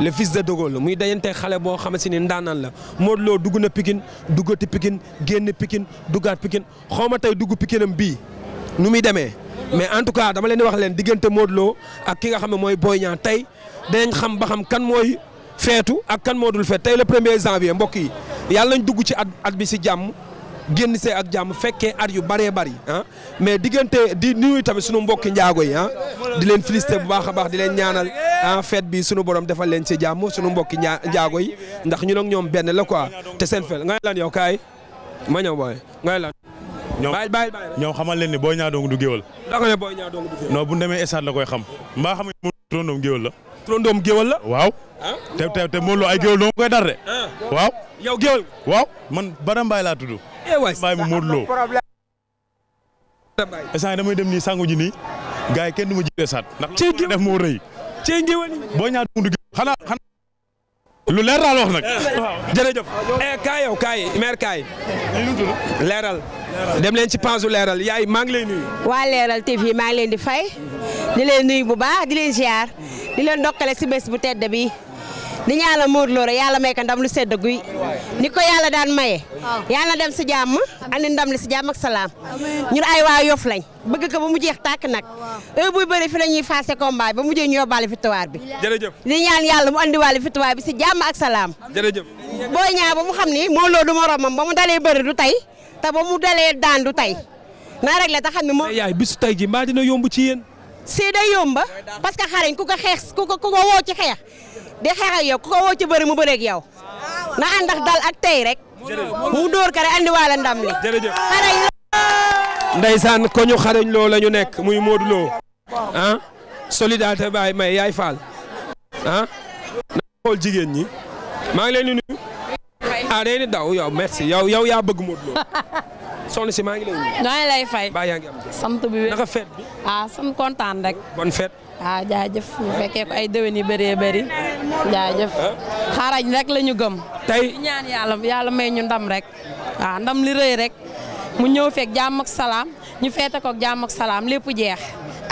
le fils de De Gaulle muy dajante xale boo xamante ni ndaanaan la Modou dugg na Pikine duggati pikin génn pikin duggaat pikin xaw ma tey dugg Pikinam bii nu muy demee. mais en tout cas dama leen di wax leen diggante Modou ak ki nga xam ne mooy Boy Niang tey dinañ xam ba xam kan mooy feetu ak kan moo dul feet tey le premier janvier mbokk yi yàlla nañ dugg ci at at bi si jàmm. génn see ak jàmm fekkee at yu bëree bëri ah. mais diggante di nuyu tamit sunu mbokki njaago yi ah di leen féliciter bu baax a baax di leen ñaanal ah fête bi sunu borom defal leen si ci jàmm sunu mbokki njaa njaago yi ndax ñu ak ñoom benn la quoi te seen fel ngay lan yow kaay ma ñëw booy ngay lan. ñoom bàyyi bàyyi ñoom xamal leen ni booy ñaa dong du géwal. da nga ne booy ñaa dong bu ñu demee estade la koy xam mbaa xam nga trondoom géwal la. trondoom géwal la. waaw. Ah. te te te Modou Lo ay géwal dong koy dar ah. waaw yow géwél waaw man Bada Mbaye laa tudd. eh waay damay dem nii sangu ji nii. gars yi kenn du ma jiite saat. ndax li def moo rëy. cee géwél boo ñaata mu dugg xanaa xanaa lu leer wax nag. jërëjëf. eh kaay yow kaay maire kaay. leeral. dem leen ci pansu leeral yaay maa ngi lay nuyu. waa leeral TV maa ngi leen di fay. di leen nuyu bu baax di leen ziar. di leen ndokkale si bés bu tedd bi. di ñaanal Modou Lo yàlla may ko ndam lu sedd guy ni ko yàlla daan maye. yàlla dem si jàmm andi ndam li si jàmm ak salaam ñun ay waa Yoff lañ bëgg ko ba mu jeex tàkk nag heure buy bëri fi la ñuy faase combat ba mu jeex ñu yóbbaale victoire bi. jërëjëf di ñaan yàlla mu andiwaale victoire bi si jàmm ak salaam. jërëjëf boo ñaa ba mu xam ni moo Lo du moroomam ba mu dalee bëri du tey te ba mu dalee daan du tey naa rek la te xam ne moo yaay bisu tey ji mbaa dina yomb ci yen si day yomba parce que xarañ ko xeex ku ci xeex di xeex yow ku ko woo ci bëri mu bëreeg yow na ànd dal ak tey rek mu dóor kare andi waale ndam li xarañ ndeysaan ko ñu xarañ loo la ñu nekk muy Modou Lo ah solidarité baay may yaay faal ah na xool jigéen ñi maa ngi leen di nuyu ah day ni daw yow merci yow yow yaa bëgg Modou Lo soxna si maa ngi lay ñoo lay fay. baa sant bi wér. naka fête ah sant kontaan rek. bonne fête. ah jaajëf ñu fekkee ay déwén yu bëree bëri jaajëf. Ah. xaarañ rek la ñu gëm. tey ñaan yàlla yàlla may ñu ndam rek. waaw ah, ndam li rëy rek mu ñëw fekk jàmm salaam ñu feete ko ak salaam lépp jeex.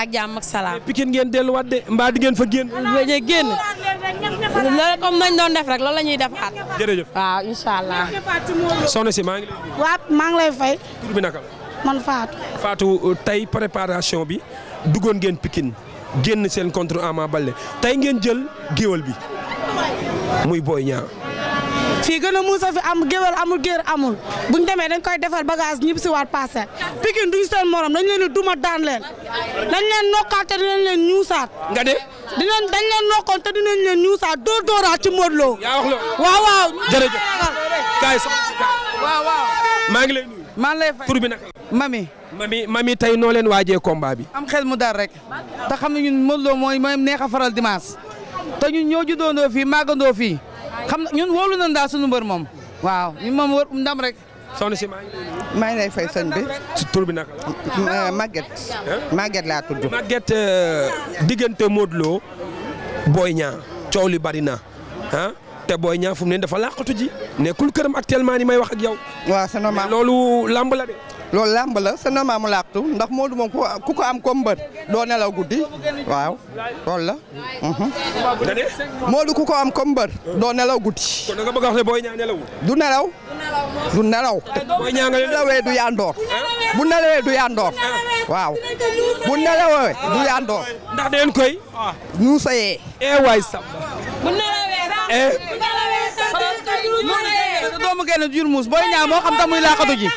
ak jàmm ak salaam. Pikine ngeen delluwaat de mbaa fa génn. génn loolu nañ doon def rek loolu la ñuy defaat. jërëjëf waaw incha allah. soxna si maa ngi lay. waaw maa ngi lay fay. naka la. man Fatou. Fatou tey préparation bi duggoon ngeen pikin génn seen contre Ama bale tey ngeen jël géwal bi muy booy Niang. fii gën a muus a fi am géwél amul géer amul buñ demee dañ koy defal bagage ñib si waat passé Pikine duñ seen morom dañ leen di duma daan leen dañ leen nokkaat te dinañ leen ñuusaat nga de dinañ dañ leen te dinañ leen ñuusaat dóor dóoraat ci Modou Lo yaa wax loolu waaw waaw jërëjëf maa ngi lay nuyu maa ngi lay fay tur bi naka mami tey noo leen waajee combat bi am xel mu dar rek te xam ne ñun Modou Lo mooy mooy neex a faral dimanche te ñun ñoo juddoo fii màggandoo fii xam ñun wóolu nañ daal suñu mbër moom waaw ñun moom wër ndam rek. soxna si maa ngi maa ngi lay fay sëñ bi. si tur bi nag la. Maguette. Maguette laa tudd. Maguette euh, diggante Modou Lo Boy Niang coow li bari na ah te Boy Niang fu mu ne dafa làqatu ji nekkul këram actuellement ni may wax ak yow. waa c'est normal loolu lamb la de. lool làmb la sa na maamu làqtu ndax Modou moom ku ko am comme mbër doo nelaw guddi waaw loolu la. Mhm. Modou ku ko am comme mbër doo nelaw guddi. a wax ne Boy Niang du nelaw. du nelaw. du yandoor. bu nelawee du yandoor. waaw bu nelawee du yandoor. ndax da ngeen mu génn jur muus booy ñaa moo xam tax muy laaxatu ji.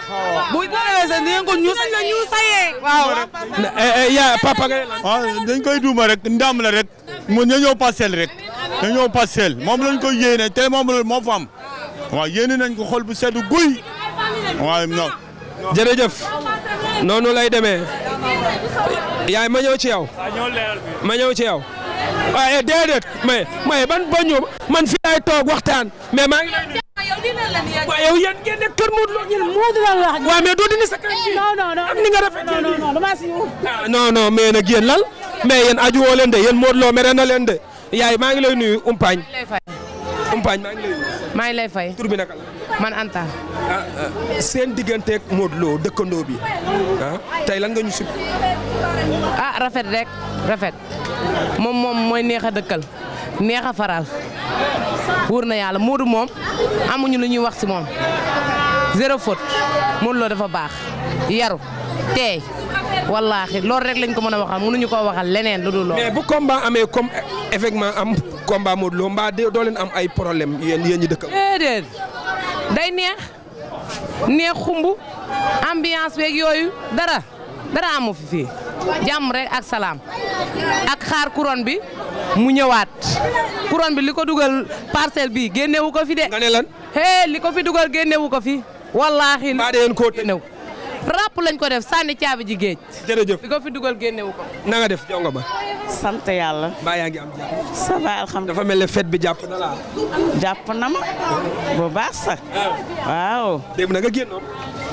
bu bu demee sa ngeen ko ñuus la ñu sayee. waaw eh, eh, yaa papa nga ne ah, dañ koy duuma rek ndam la rek mu ña ñëw parcelle rek ña ñëw parcelle moom lañ koy yéene te moom la moo fa am waaw yéene nañ ko xol bu sedd guy waaw non. jërëjëf noonu lay demee yaay ma ñëw ci yow ma ñëw ci yow waaye eh, déedéet mais mais ban bañu man fi lay toog waxtaan mais maa ngi lay waaye yow yéen ngeen nekk kër Modou Lo ngeen Modou Lo la wax sa kër gi non non non ak ni nga rafetee non non dama si ah, non non mais yéen lal mais yéen aju woo leen de yéen Modou Lo leen de yaay maa ngi lay nuyu umpaañ umpaañ maa ngi lay maa ngi lay fay tur bi naka man Anta. Ah, ah, seen digganteeg Modou dëkkandoo bi ah tey lan nga ñu sub ah rafet rek rafet moom moom mooy neex a dëkkal neex a faral wóor na yàlla Modou moom amuñu lu ñuy wax si moom zéro faute Modou Lo dafa baax yaru teey wallaahi loolu rek lañ ko mën a waxal mënuñu koo waxal leneen lu dul loolu. mais bu combat amee comme effectivement am combat Modou Lo mbaa doo leen am ay problème yéen yéen ñi dëkk. déedéet day neex neex xumb ambiance beeg yooyu dara dara amu fi fii jàmm rek ak salaam ak xaar couronne bi. mu ñëwaat couronne bi li ko dugal parcelle bi génnewu ko fi de. nga ne hee li ko fi dugal génnewu ko fi. wallaahi maa de yéen koo génnewu rap lañ ko def sànni caabi ji géej. jërëjëf li ko fi dugal génnewu ko. na nga def jongo ba. sant yàlla. mbaa yaa ngi am jàpp. ça va mel ne fête bi jàpp na la na ma. bu baax sax. Ah. waaw. dégg na nga génnoon.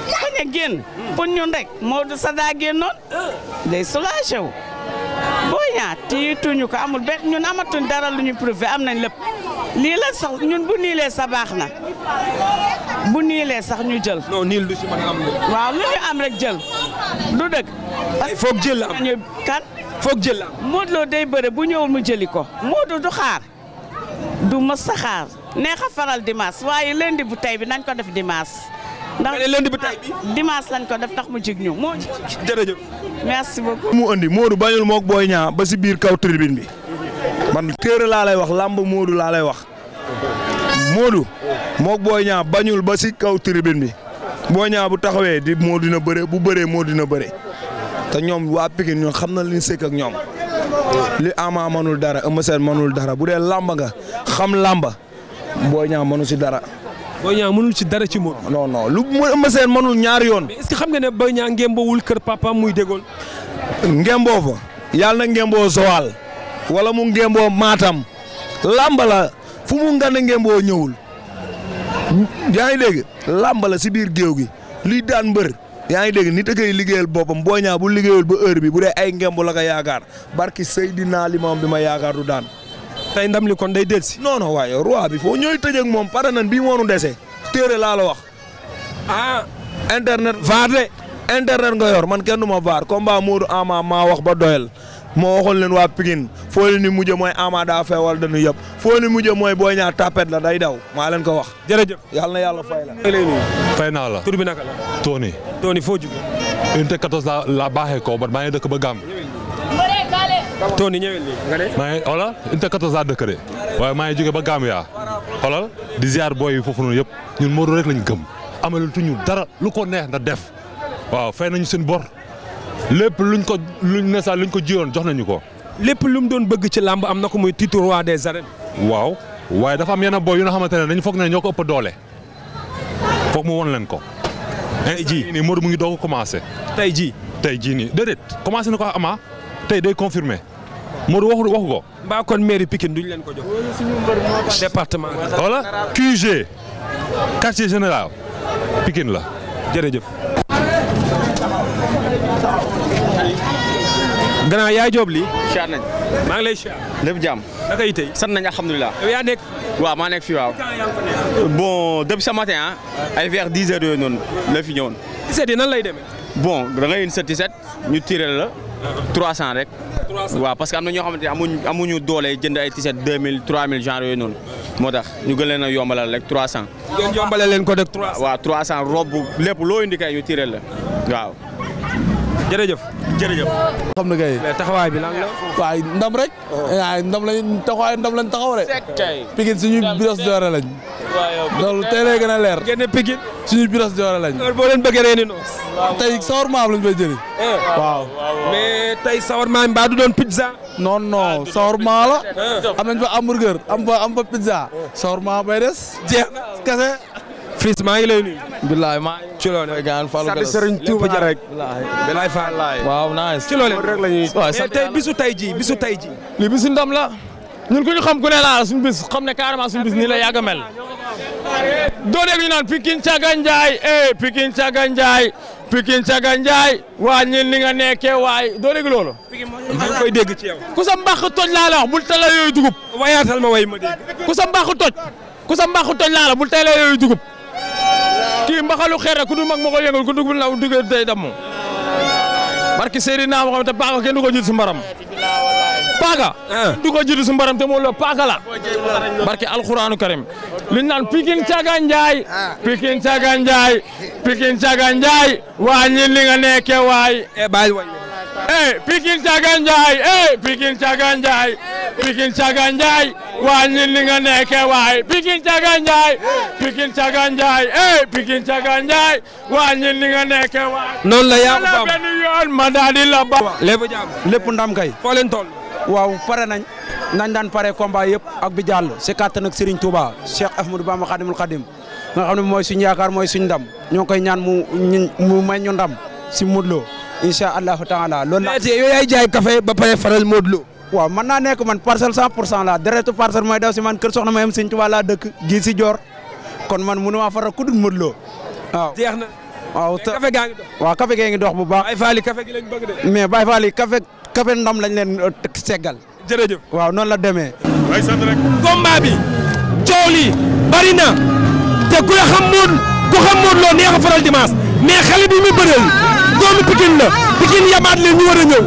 bañ a génn. pour ñun rek Maodo Sada génnoon. Ah. day soulagé ñaa tiituñu ko amul benn ñun amatuñ dara lu ñu prouvé am nañ lépp lii la sax ñun bu niilee sabaax na bu niilee sax ñu jël. non waaw lu ñu am rek jël du dëgg. foog jël am kan. foog jël la am Modou bëre bu ñëwul mu jëli ko Modou du xaar du mës a xaar neex a faral dimanche waaye lundi bu tey bi nañ ko def dimaas ndax lundi bi tey bi dimanche lañ ko def tax mu jig ñu moo jërëjëf merci beaucoup mu andi Modou bañul mook Boy ba si biir kaw tribune bi man téere laa lay wax làmb Modou laa lay wax Modou mook Boy bañul ba si kaw tribune bi Boy bu taxawee di moo dina bëre bu bëree moo dina bëre te ñoom waa Pikine ñoom xam na li ñu ak ñoom li Ama manul dara Eumeu Sène manul dara bu dee làmb nga xam làmba Boy Niang manu dara Boy Niang mënul ci dara ci moom. non non lu Eumeu Sène mënul ñaar yoon. mais est xam nga ne Boy Niang ngembowul kër papaam muy dégool. ngemboo fa. yàlla na ngemboo Joal. wala mu ngemboo maatam làmb la fu mu ngan a ngemboo ñëwul. yaa ngi dégg làmb si biir géew gi luy daan mbër. yaa ngi dégg nit a koy liggéeyal boppam Boy Niang bu liggéeyul ba bi bu dee ay ngemb la ko yaakaar barki Seydina Limam bi ma yaakaar du daan. tey ndam li kon day del si non non waaye ñooy tëj moom pare nan bii moonu dese téere laa la wax ah internet vaar internet nga yor man kenn du ma vaar combat Modou Ama maa wax ba doyal moo waxoon leen waa Pikine foo leen ni mujj mooy Ama daa feewal dañu yëpp foo leen mooy booy ñaa tapet la day daw maa leen ko wax. jërëjëf yàlla na yàlla fay la. fay naa la tur bi naka la. Tony. Tony la la baaxee ko ba maa ngi dëkk ba Tony ñëwel nii nga ne. maa ngi xoolal dëkk de waaye maa ngi jóge ba Gambia xoolal di ziar booy yi foofu noonu yëpp ñun Modou rek lañ gëm amalatuñu dara lu ko neex na def waaw fay nañu seen bor lépp luñ ko luñ ne luñ ko jiyoon jox nañu ko. lépp lu mu doon bëgg ci làmb am na ko muy titre roi des arènes. waaw waaye dafa am yenn booy yu nga xamante ne dañu foog ne ñoo ko ëpp doole foog mu won leen ko. tey jii mu ngi doog a commencé. tey jii tey jii nii déedéet commencé na ko Ama tey day confirmé. Modou waxu waxu ko. mbaa kon mairie du ñu leen ko jox. département wala QG quartier général Pikine la jërëjëf. gannaaw yaay joobli lii. siyaar maa ngi lay siyaar. lépp jàmm. naka yi tey. sant nañ alhamdulilah. yow yaa nekk. waaw maa nekk fii waaw. bon depuis ce matin ah. ay vers dix heures yooyu noonu la fi ñëwoon. 17 yi nan lay demee. bon da ngay une 17 ñu tiré la. 300 rek. 300 waaw parce que am na ñoo xamante ne amuñu amuñu doole jënd ay t mille 2000 3000 genre yooyu noonu moo tax ñu gën leen a yombalal rek 300. ngeen yombale leen ko rek 300. waaw 300 robe lépp loo indi kay ñu tiré la waaw. jërëjëf. jërëjëf. xam na kay. taxawaay bi lan la. waaye ndam rek. Oh. waaye ndam lañ taxawaay ndam lañ taxaw rek. suñu doore lañ. loolu tey lay gën a leer. génne Pikine suñu biras joore lañ. heure boo leen bëggee reeni eh. du doon pizza. non non ah, sawarma la. Eh. am nañ fa hamburger am fa am fa eh. des. jeex kese. Fils maa ngi lay nuyu. bilaay maa ngi ci loolu rek. sant Serigne Fall. waaw tey bisu tey ji bisu tey ji. li bisu ndam la. ñun ku ñu xam ku ne laa suñu bis xam ne carrément suñu bis nii la yàgg a mel. doo dégg ñu naan Pikine Caga Njaay eh Pikine Caga Njaay waa ñun li nga nekkee waay doo dégg loolu. maa koy dégg ku sa mbaax toj laa la wax bul tala yooyu dugub. wayaatal ma way ma dégg. ku sa mbaax toj ku sa mbaax la bul tala yooyu dugub kii mbaxalu xeer la ku du mag ma koy yëngal ku dugub la dugub day damm barki Seydina ma xam te baax kenn du jiit si paaka eh. du ko jiitu si mbaram te Modou Lo paaka la barke alxuraanu karim liñ naan pikin caga njaay ah. pikin caga njaay pikin caga njaay wàññi li nga nekke waay eh pikin caga njaay eh pikin caga njaay pikin caga njaay wàññi li nga nekke waay pikin caga njaay pikin caga njaay eh pikin caga njaay wàññi li nga nekke waay noonu la yaa ko am benn yoon ma daal di la ba lépp ndam kay foo leen toll waaw pare nañ nañ daan pare combat yëpp ak bi jàll si kàttan ak Serigne Touba Cheikh Ahmadou Bamba Khadimul Khadim nga xam ne mooy suñu yaakaar mooy suñu ndam ñoo ngi koy ñaan mu mu may ñu si Modou Lo allahu taala loolu la. yow jaay café ba pare faral Modou Lo. waaw mën naa nekk man parcelle 100 pour cent la deretu parcelle mooy daw si man kër soxna Mayam Serigne Touba laa dëkk gi si joor kon man mënu faral ku dul waaw. jeex na ngi dox. bu baax. mais Baye Fall yi kafe ndam lañ leen euh, seggal. jërëjëf waaw noonu la demee. waay sant rek. te ku xam moon ku xam moon neex a faral dimanche mais xale bi mu bëreel doomu Pikine la Pikine yamaat leen ñu war a ñëw.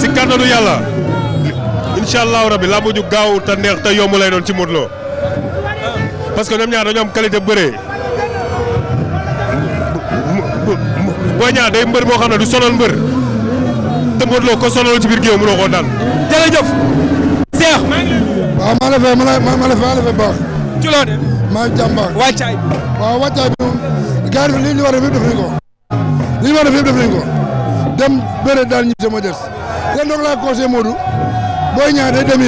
si kàttanu yàlla incha allahu rabi laa mujj gaaw te neex te yomb lay doon ci Modou Lo parce que ñoom ñaar dañoo am qualité bëree boo ñaar day mbër moo xam ne du sonal mbër. te Modou Lo ko sonaloon ci biir géew mënoo koo daan jërëjëf. Cheikh maa ngi lay. waaw maa la fay maa la maa baax. maa ngi waaw wàccaay bi moom. gars li ñu war a def yëpp def nañ ko. li ñu war a def yëpp def nañ ko. dem bëre daal ñu jëm a des. leen doog laa conseillé Modou. booy ñaar day dem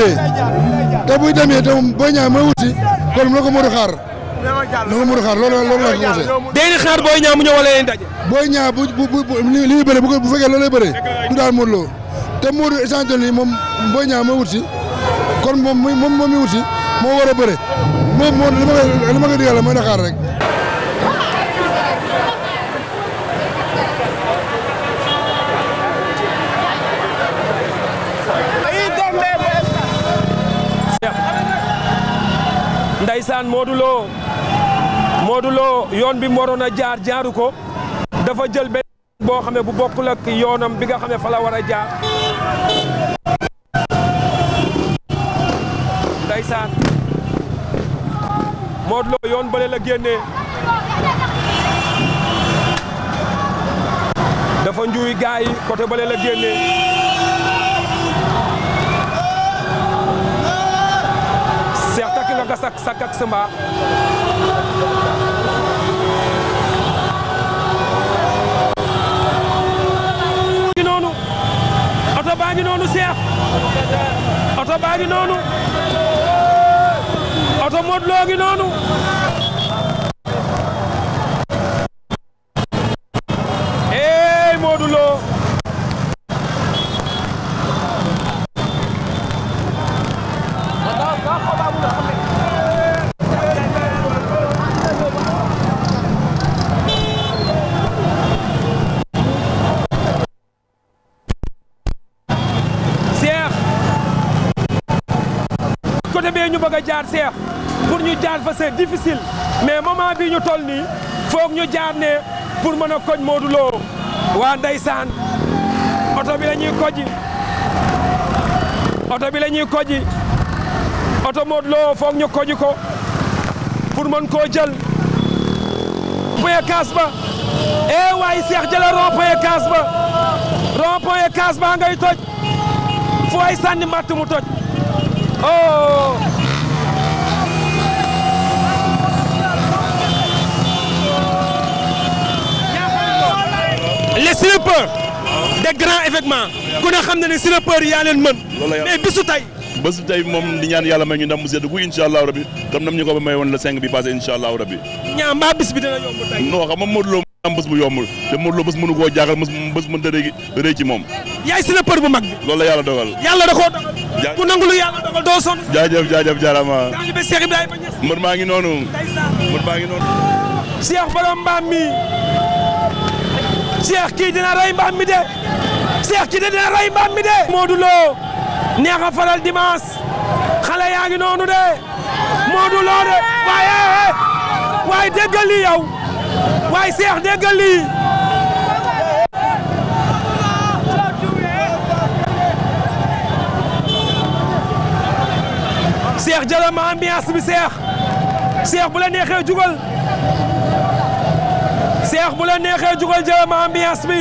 te buy dem te moom booy ñaar mooy wuti. kon na ko Modou xaar. na ko Modou xaar loolu loolu laa mu ñëw wala leen daje. booy ñaar bu bu bu li muy bëree bu fekkee loolu lay bëree mu daan Modou Lo te Modou échange de moom moo wut si kon moom moom moom mi wut si moo war a bëre moo li ma koy li ma koy digal Ndeysaan Modou Lo Modou yoon bi moroon a jaar jaaru ko dafa jël benn boo xam ne bu bokkul ak yoonam bi nga xam ne fa la war a jaar ndeysaan Modou Lo yoon bële a génnee dafa njuuy gaa yi côté bële la génnee seex takk nga ko sakk sakk ak sa oto baa ngi noonu Cheikh oto baa ngi noonu oto Modou Lo noonu jaar Cheikh pour ñu jaar fa c'est difficile mais moment bii ñu toll nii foog ñu jaar ne pour mën a koñ Modou loo waa ndeysaan oto bi la ñuy koji oto bi la ñuy koji oto Modou Lo foog ñu koji ko pour mën koo jël rond-point kaas ba eh waaye Cheikh a rond-point kaas ba rond-point kaas ba ngay toj fu ay sànni matt mu toj oh les slippers des grands événements ku ne xam na ne slippers yi yaa leen mën mais bisu tey bésu tey moom di ñaan yàlla ma ñu ndam mu sedd gu incha allahu rabi tam nam ñu ko ba may woon la cinq bi passé incha allahu rabi ñaa mbaa bis bi dina yomb tey non xam yombul te Modou Lo bés mënu koo jaaxal bés mënta moom yaay slippers bu mag bi loolu la yàlla dogal da koo dogal ku nangu lu yàlla dogal doo sonn jaajëf jaajëf jaarama Mbaam mi Cheikh kii dina rey mbaam mi de Cheikh kii dina rey mbaam mi de. Modou neex a faral dimanche xale yaa ngi noonu de Modou de waaye waaye déggal lii waaye Cheikh déggal lii Cheikh jëlal ma ambiance bi Cheikh Cheikh bu la neexee jugal. Cheikh bu la neexee jugal jëlam ambiance bi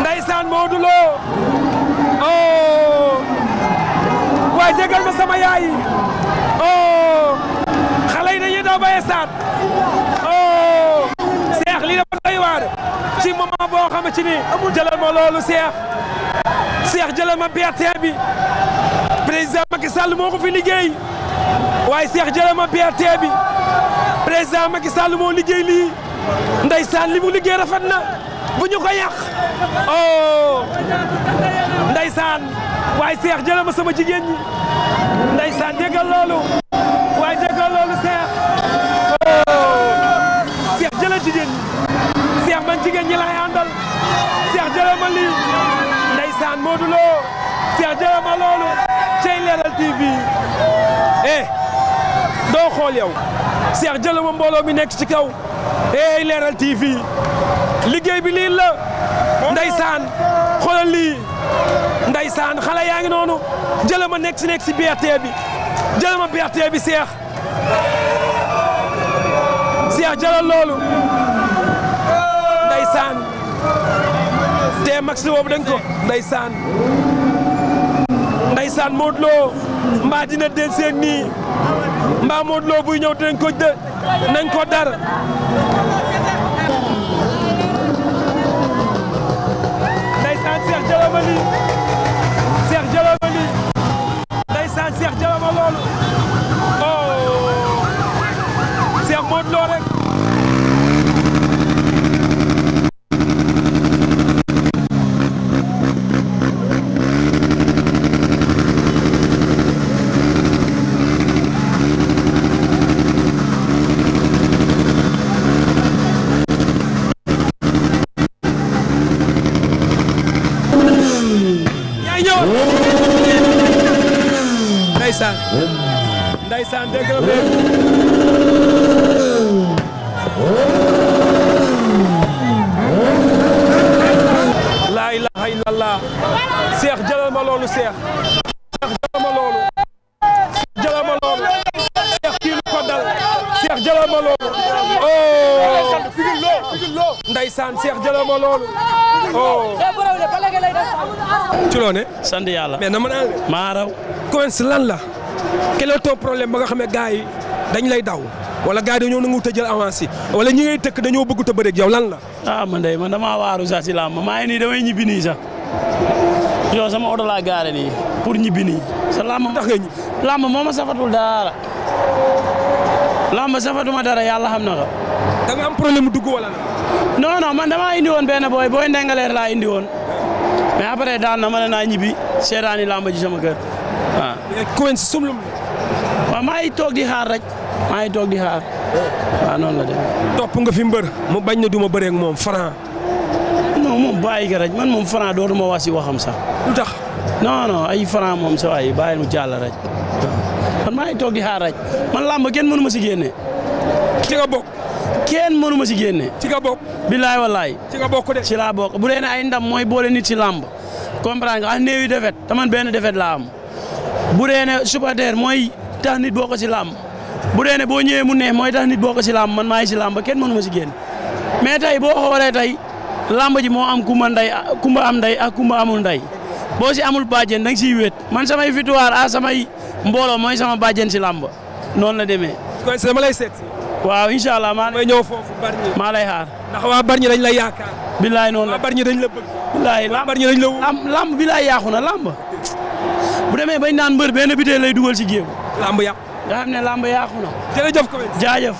ndaysaan Modou Lo oh waaye jégal ma sama yaay oh xale yi dañuy daw ba esaat oh Cheikh lii dafa doy waar ci moment boo xam ci ni jëlal ma loolu Cheikh Cheikh jëlal ma BRT bi président Macky Sall moo liggéey waaye Cheikh jëlal ma BRT bi président Macky moo liggéey lii ndaysaan li mu liggéey rafet na. bu ñu ko yàq oh ndeysaan waaye seex jëlee ma sama jigéen ñi ndeysaan déggal loolu waaye déggal loolu seex oh. seex jëlee jigéen ñi seex man jigéen ñi laay àndal seex jëlee ma lii ndeysaan Modou Lo seex jëlee ma loolu cey Leral TV eh doo xool yow seex jëlee ma mbooloo mi nekk ci kaw eh Leral TV. liggéey bi lii la ndeysaan xoolal lii ndeysaan xale yaa ngi noonu jëlama nekk si nekk si BRT bi jëlama BRT bi seex seex jëlal loolu ndeysaan te max li boobu dañ ko ndeysaan ndeysaan Modou Lo mbaa dina den seen nii mbaa Modou Lo buy ñëw dinañ ko dë nañ ko dar jëlama lii Cheikh jëlama lii ndeysaan Cheikh jëlama loolu oh Cheikh Modou Lo rek ndeysaan ndeysaan dégg nga bee laa ilaaha illallah seex jëlal ma loolu seex seex jëlal ma loolu seex jëlal ma loolu seex kii lu ko dal seex jëlal ma loolu oh ndeysaan seex jëlal ma loolu oh ci loone sant yàlla mais na ma naan maa raw coince lan la quel to problème ba nga xam ne gars yi dañ lay daw wala gars yi dañoo nangu tëjal avance yi wala ñi ngay tëkk dañoo bëgg ta bëreeg yow lan la. ah man de man damaa waaru sax si làmb maa ngi nii damay ñibbi nii sax yow sama oto gaare nii pour ñibbi nii. sa làmb tax nga ñibbi làmb moo ma safatul dara làmb safatuma dara yàlla xam na ko. da am problème mu dugg wala la. non non maa damaa indi woon benn booy booy ndengaleer laa indi woon mais après daal na ma ne naa ñibbi seetaani làmb ji waaw. Kowen si maa ngi toog di xaar rek maa ngi toog di xaar waaw noonu la demee. topp nga fi mbër mu bañ na du ma bëree moom Franc. non moom bàyyi ko rek man moom Franc dootuma wax si waxam sax. lu tax ay Franc moom sa waay bàyyi mu jàll rek. man maa toog di xaar rek man làmb kenn mënu ma si génne. ci nga bokk. kenn mënu ci nga ci nga bokk de. ci laa bokk bu dee ne ay ndam mooy boole nit si làmb comprendre nga ah defet te man defet laa bu dee ne supporter mooy tax nit boo ko si làmb bu dee boo ñëwee mu neex mooy tax nit boo ko si lamb man maa ngi si làmb kenn mënu ma si génn mais tey boo xoolee tey làmb ji moo am kumba nday kumba am nday ak kumba amul nday boo si amul bàjjen da si wet man samay victoire ah samay mbooloo mooy sama bàjjen si làmb noonu la demee. kon sama lay seet waaw incha allah maa may ñëw foofu Bargny maa lay xaar. ndax waa Bargny dañ lay yaakaar. billaay noonu la waa dañ la bëgg. billaay lamb Bargny dañ la wóor lamb billaay yaaxu na lamb. bu demee bañ naan mbër benn bitee lay dugal ci géew. lamb yàqu. nga xam ne lamb yàqu na. jërëjëf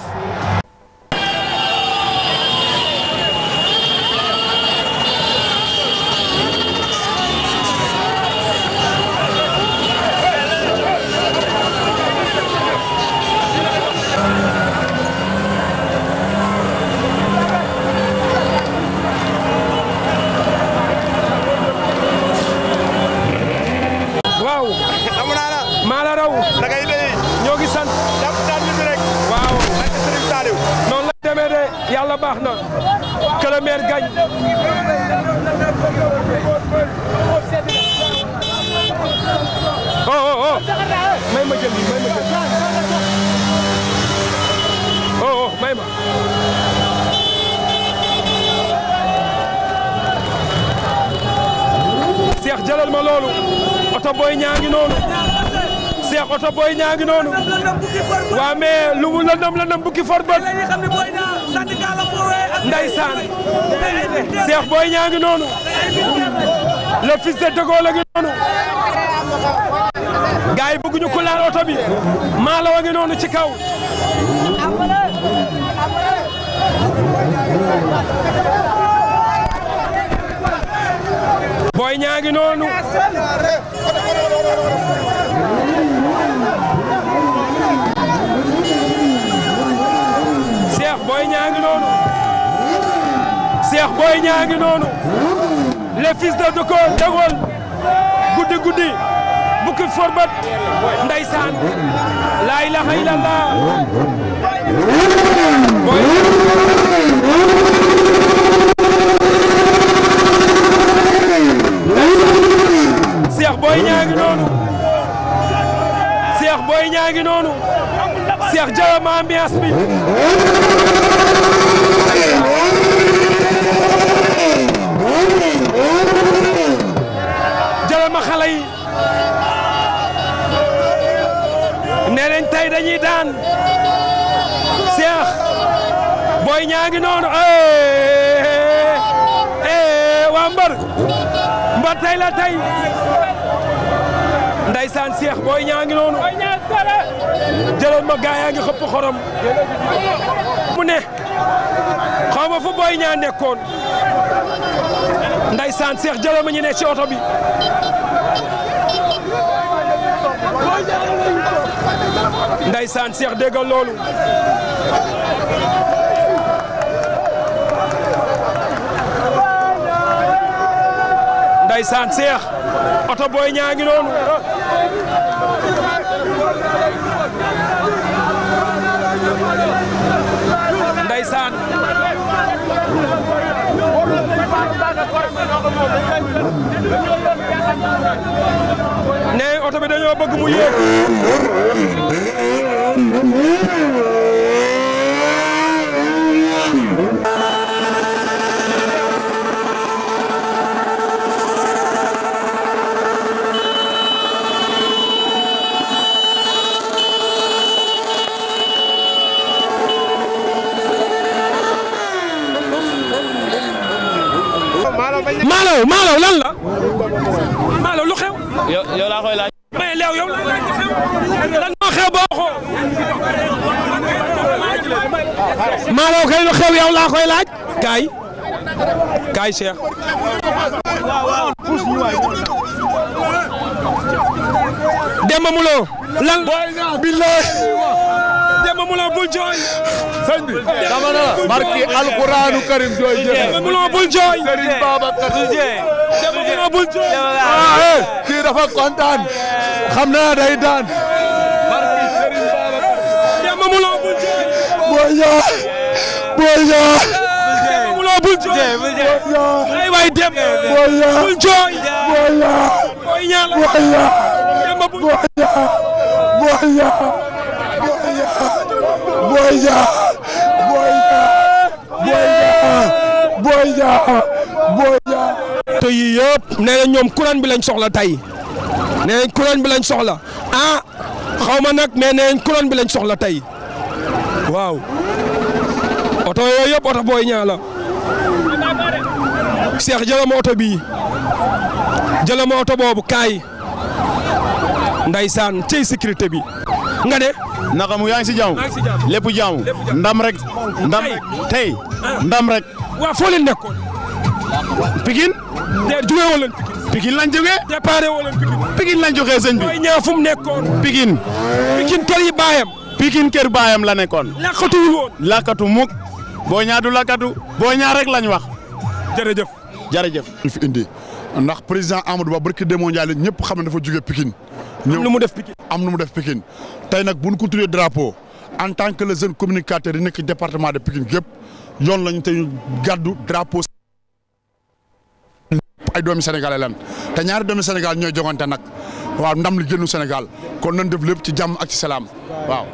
le oh, oh, oh. maire ma jël jëlal ma loolu oto booy ñaa noonu Cheikh oto booy ñaa noonu waa mais lu mu lëndëm lëndëm bukki for bët. ndeysaan Cheikh Boy Niang ngi noonu le fils de Togo la noonu gaay yi bëgguñu ku laal oto wa ngi noonu ci kaw booy Niang ngi noonu noonu Cheikh Boy Niang ngi noonu les de Doko Dégol guddi guddi bukki forbat ndeysaan laa ilaha illallah Boy Boy Niang ngi noonu Cheikh Boy Niang ngi noonu Cheikh jarama ambiance bi dañuy daan Cheikh Boy Niang ngi noonu eh, eh, waa mbër mbër tey la tey ndaysaan Cheikh Boy Niang ngi noonu jëloon ma gaa ngi xëpp xorom mu ne xaw ma fu Boy Niang nekkoon ndaysaan Cheikh jëloon ma ñu ne ci bi Ndeysaan Cheikh dégga loolu Ndeysaan Cheikh oto booy ñaa ngi noonu Ndeysaan oto bi dañoo bëgg mu yéeg koy laaj kaay kaay Cheikh. Demba Mulo. lan billaay. Demba Mulo bul jooy. sëñ bi dama ne la barki alquranu karim jooy jëlee. Demba Mulo bul jooy. Serigne Babacar Demba Mulo bul jooy. ah eh kii dafa kontaan. xam naa day daan. barki Serigne Babacar. Boy Niang. Mouloo bul jooy. ay waay dem. Boy Niang bul jooy. ñoom courant bi lañ soxla tey nee nañ courant bi lañ soxla ah xaw ma nag mais nee bi lañ soxla tey waaw. te yooyu yëpp oto booy ñaa la Cheikh jëlama oto bii jëlama oto boobu kaay ndaysaan cey sécurité bi nga ne naka yaa ngi si jaw lépp jaamu ndam rek ndam rek tey ah. ndam rek waaw foo leen nekkoon Pikine de jugee wala Pikine lañ jógee déparé wala Pikine lañ jógee sëñ fu mu nekkoon Pikine Pikine tol yi baayam Pikine kër baayam la nekkoon lakkatuwul woon lakkatu mukk Boy Niang du lakkatu Boy Niang rek lañ wax jërëjëf. jërëjëf fi indi ndax président Amadou Ba barki démo Ndiaye ñëpp xam ne dafa jóge Pikine. am lu mu def Pikine am lu mu def Pikine tey nag bu ñu ko tuddee drapeau en tant que le jeune communicateur yi nekk département de Pikine gépp yoon lañu te ñu gàddu drapeau. ay doomi Sénégalais te ñaari doomi Sénégal ñooy jogante nag waaw ndam li génnu Sénégal kon nañ def lépp ci jàmm ak ci salaam waaw.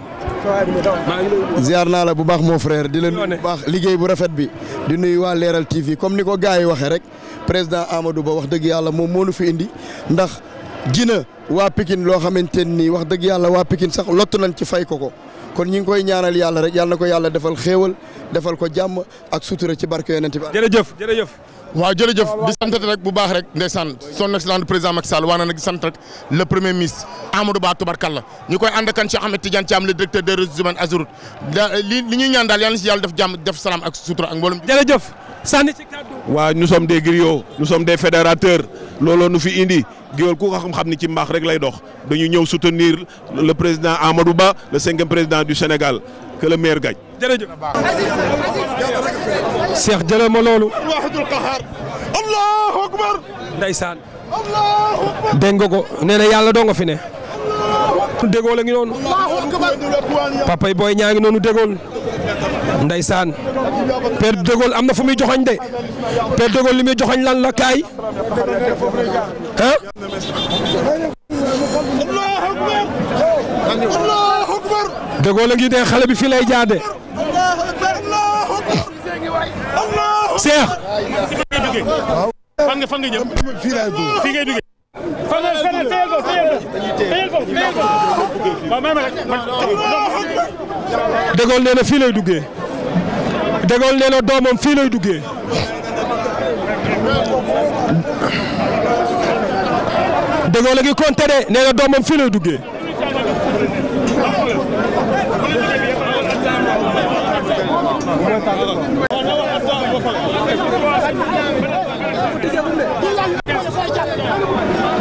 ziar naa la bu baax mon frère di la nuyu bu baax liggéey bu rafet bi di nuyu waa Leeral TV comme ni ko gars yi waxee rek président Amadou Ba wax dëgg yàlla moom moo nu fi indi ndax jina waa Pikine loo xamante nii wax dëgg yàlla waa pikin sax lott nañ ci fay ko ko kon ñi ngi koy ñaanal yàlla rek yàlla ko yàlla defal xéewal defal ko jàmm ak sutura ci barke yonent bi jërëjëf jërëjëf waaw jërëjëf di sant rek bu baax rek ndeysaan son excellence président Macky Sall waa na nag di sant rek le premier ministre Amadou Ba tubarkalla ñu koy ànd ak kan Cheikh Ahmed Tidiane Thiam le directeur des ressources Azurut li ñu ñuy ñaan daal yàlla na si yàlla def jàmm def salaam ak sutura ak mboolem. jërëjëf sànni ci kàddu. waaw nous sommes des griots nous sommes des fédérateurs looloo nu fi indi géwél ku ko xam-xam ni ci mbaax rek lay dox dañu ñëw soutenir le président Amadou Ba le cinquième président du Sénégal que le meilleur gagne. jërëjëf. Cheikh jëlee ma loolu. qahaar. allahu akbar. ndeysaan. allahu akbar. dégg nga ko nee na yàlla doo fi ne. déggoo la noonu. papay booy ñaa ngi noonu déggoon. Ndeysaan Père de Gaulle am na fu muy joxoñ de Père de li muy joxoñ lan la kaay ah. Allahu akbar dëggoo ngi de xale bi fii lay jaade. Cheikh. fan nga fan nga jëm. fii laay fii lay duggee. dëggoon nee na fii lay duggee. dëggoo la ngi compter de nee doomam fii lay duggee.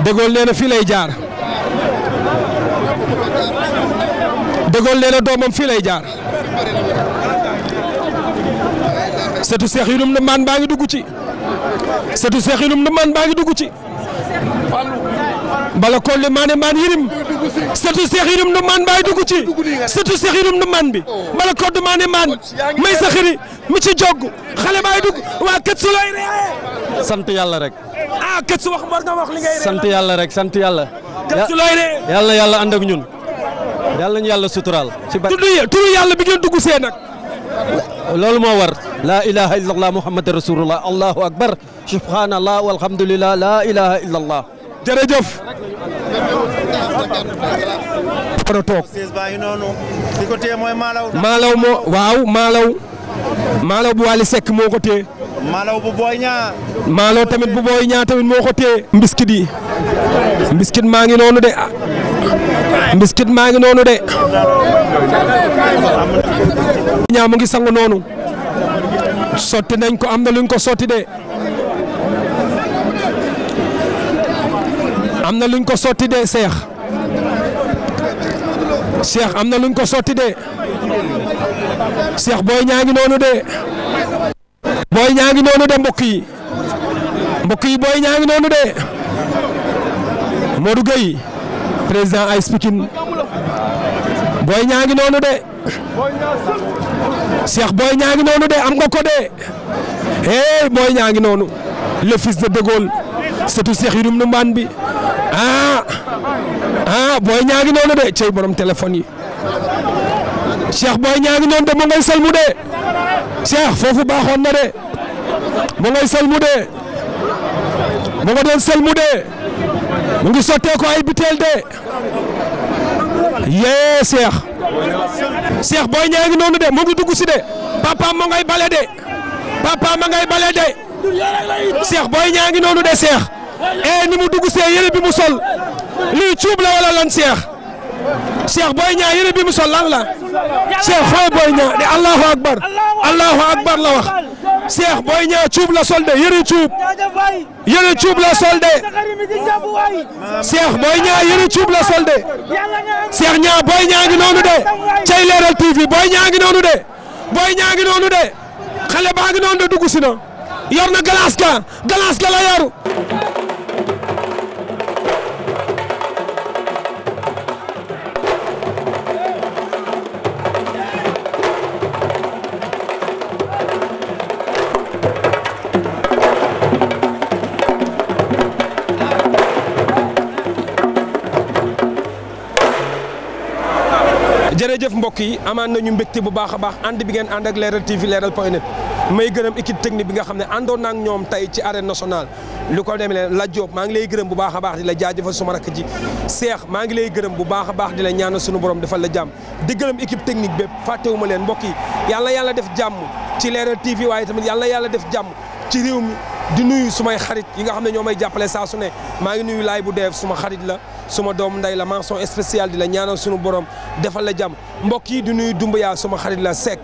Dégol nee na fii lay jaar Dégol nee na doomam fii lay jaar setu seex yu lum na maan baa ngi dugg ci setu seex yu lum na maan baa ngi dugg ci bala kolli maane maan yirim sëtu Seex Yërim du maan baay dugg ci sëtu Seex Yërim du maan bi oh. mbala ko du maane maan may sa xëri mi ci xale baay dugg waa kët su looy ree sant yàlla rek ah kët wax sant yàlla rek sant yàlla kët su looy ree yàlla yàlla ànd ak ñun yàlla ñu ci ba turu yàlla bi ngeen dugg see nag loolu moo war laa ilaha illallah muhammad rasulullah allahu akbar subhanallah walhamdulillah laa ilaha illallah jërëjëf war a toog maalaw moo waaw maalaw maalaw bu Wally Seck moo ko téye maalaw bu booy tamit bu booy ñaa tamit moo ko téye mbiskit yi mbiskit maa ngi noonu de mbiskit maa ngi noonu de ñaa mu ngi sangu noonu sotti nañ ko am na luñ ko sotti de am na luñ ko sotti de seex Cheikh am na luñ ko sotti de Cheikh booy Niang ngi noonu de Boy Niang ngi noonu de mbokk yi mbokk yi Boy Niang ngi noonu de Modou Gueye président AS Pikine Boy Niang ngi noonu de Cheikh booy Niang ngi noonu de am nga ko de eh Boy Niang ngi noonu le fils de De Gaulle surtout Cheikh Yérim Ndoumane bi ah. ah booy ñaa ngi noonu de cey borom téléphone yi Cheikh booy ñaa ngi noonu de mu ngay salmu de Cheikh foofu baaxoon na de mu ngay salmu de mu nga doon salmu de mu ngi sottee ko ay biteel de yee Cheikh Cheikh booy ñaa ngi noonu de mu ngi dugg si de papa mu ngay bale de papa ma ngay bale de Cheikh booy ñaa ngi noonu de Cheikh eh ni mu dugg see bi mu sol. lii cuub la wala lan Cheikh Cheikh Boy Niang yére bi mu la Cheikh xool Boy Niang di Allahu akbar Allahu akbar la wax Cheikh Boy Niang cuub la sol de yére cuub yére cuub la sol de Cheikh Boy Niang yére cuub la sol de Cheikh Niang Boy Niang ngi noonu de cay Leral TV Boy Niang ngi noonu de Boy Niang ngi noonu de xale baa ngi noonu de dugg na yor na glace ga glace ga la yor mbokk yi amaan nañu mbégte bu baax a baax ànd bi ngeen ànd ak leeral TV leeral point net may gërëm équipe technique bi nga xam ne àndoon naa ak ñoom tey ci arène nationale lu ko demee leen la Diop maa ngi lay gërëm bu baax a baax di la jaajëfal suma rakk ji Cheikh maa ngi lay gërëm bu baax a baax di la ñaanal sunu borom defal la jàmm di gërëm équipe technique bépp fàttewuma leen mbokk yi yàlla yàlla def jàmm ci leeral TV waaye tamit yàlla yàlla def jàmm ci réew mi di nuyu sumay xarit yi nga xam ne ñoo may jàppale saa su ne maa ngi nuyu bu deef suma xarit la suma doom nday la mention spéciale di la ñaanal sunu borom defal la jàmm mbokk yi di nuyu Dumbuya suma xarit la Seck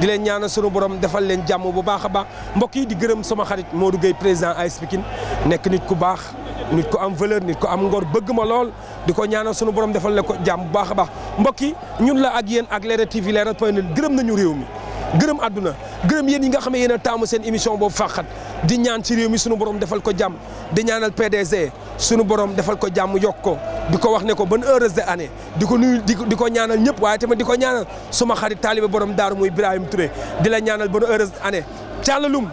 di leen ñaanal sunu borom defal leen jàmm bu baax a baax mbokk yi di gërëm sama xarit moo duggee président AS Pikine nekk nit ku baax nit ko am valeur nit ku am ngor bëgg ma lool di ko ñaanal sunu borom defal la ko jàmm bu baax a baax mbokk yi ñun la ak yéen ak Leral TV a point net gërëm nañu réew mi gërëm àdduna gërëm yen yi nga xam ne yéen a taamu seen émission boobu fàqat di ñaan ci réew mi sunu borom defal ko jàmm di ñaanal PDG sunu borom defal ko jàmm yokk ko di ko wax ne ko ba heureuse de année di ko nuyu di ko ñaanal ñëpp waaye tamit di ko ñaanal suma xarit taalibe borom daaru muy Ibrahima Touré di la ñaanal ba bonne heureuse année càllalum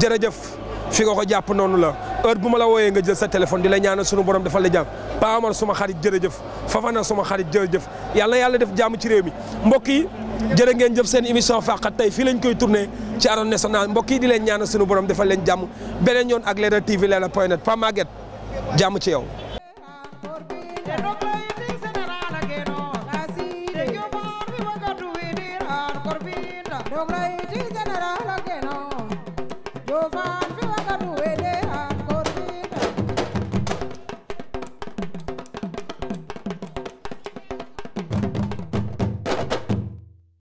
jërëjëf fi nga ko jàpp noonu la heure bu ma la wooyee nga jël sa téléphone di la ñaanal sunu borom defal la jàmm Pa Amar suma xarit jërëjëf Fafa na suma xarit jërëjëf yàlla yàlla def jàmm ci réew mi mbokk yi jërë ngeen jëf seen émission fàqat tey fii lañ koy tourné ci Arène Nationale mbokk yi di leen ñaanal sunu borom defal leen jàmm beneen yoon ak Leral TV Leral point net Pa Maguette jàmm ci yow